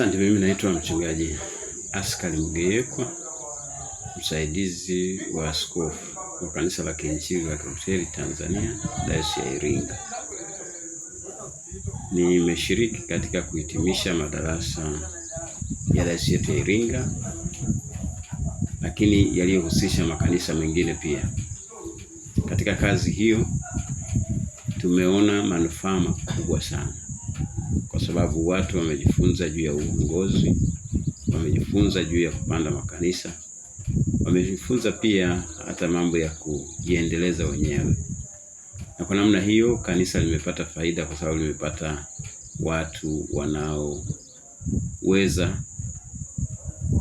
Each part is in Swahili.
Asante. Mimi naitwa mchungaji Askari Mgeyekwa, msaidizi wa askofu wa kanisa la Kiinjili la Kilutheri Tanzania, Dayosisi ya Iringa. Nimeshiriki katika kuhitimisha madarasa ya dayosisi yetu ya Iringa, lakini yaliyohusisha makanisa mengine pia. Katika kazi hiyo tumeona manufaa makubwa sana sababu watu wamejifunza juu ya uongozi, wamejifunza juu ya kupanda makanisa, wamejifunza pia hata mambo ya kujiendeleza wenyewe, na kwa namna hiyo kanisa limepata faida, kwa sababu limepata watu wanaoweza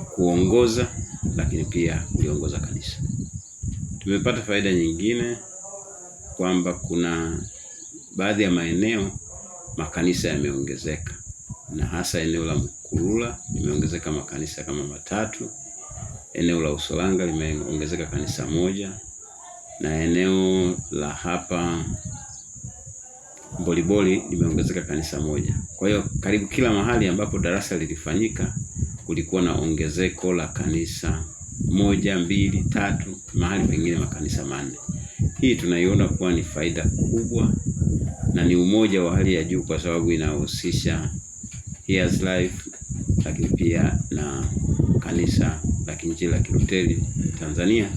kuongoza, lakini pia kuliongoza kanisa. Tumepata faida nyingine kwamba kuna baadhi ya maeneo makanisa yameongezeka na hasa eneo la Mkurula limeongezeka makanisa kama matatu, eneo la Usolanga limeongezeka kanisa moja, na eneo la hapa Mboliboli limeongezeka kanisa moja. Kwa hiyo karibu kila mahali ambapo darasa lilifanyika kulikuwa na ongezeko la kanisa moja, mbili, tatu, mahali pengine makanisa manne. Hii tunaiona kuwa ni faida kubwa na ni umoja wa hali ya juu kwa sababu inahusisha Here's Life lakini pia na kanisa la Kiinjili la Kilutheri Tanzania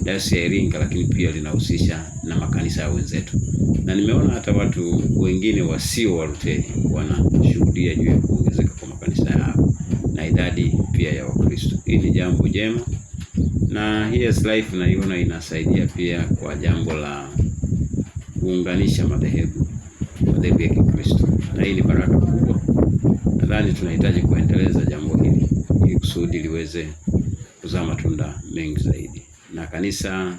dayosisi ya Iringa, lakini pia linahusisha na makanisa ya wenzetu, na nimeona hata watu wengine wasio Walutheri wanashuhudia juu ya kuongezeka kwa makanisa yao na idadi pia ya Wakristo. Hii ni jambo jema, na Hear's Life naiona inasaidia pia kwa jambo la kuunganisha madhehebu madhehebu ya Kikristo, na hii ni baraka kubwa. Nadhani tunahitaji kuendeleza jambo hili ili kusudi liweze kuzaa matunda mengi zaidi, na kanisa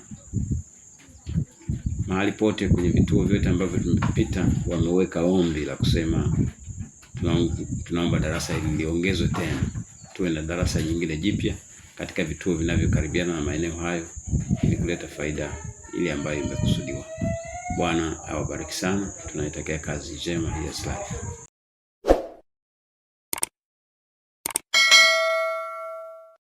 mahali pote kwenye vituo vyote ambavyo tumepita wameweka ombi la kusema tunaomba darasa hili liongezwe tena, tuwe na darasa nyingine jipya katika vituo vinavyokaribiana na maeneo hayo ili kuleta faida ile ambayo imekusudiwa. Bwana awabariki sana, tunaitakia kazi njema, yes life.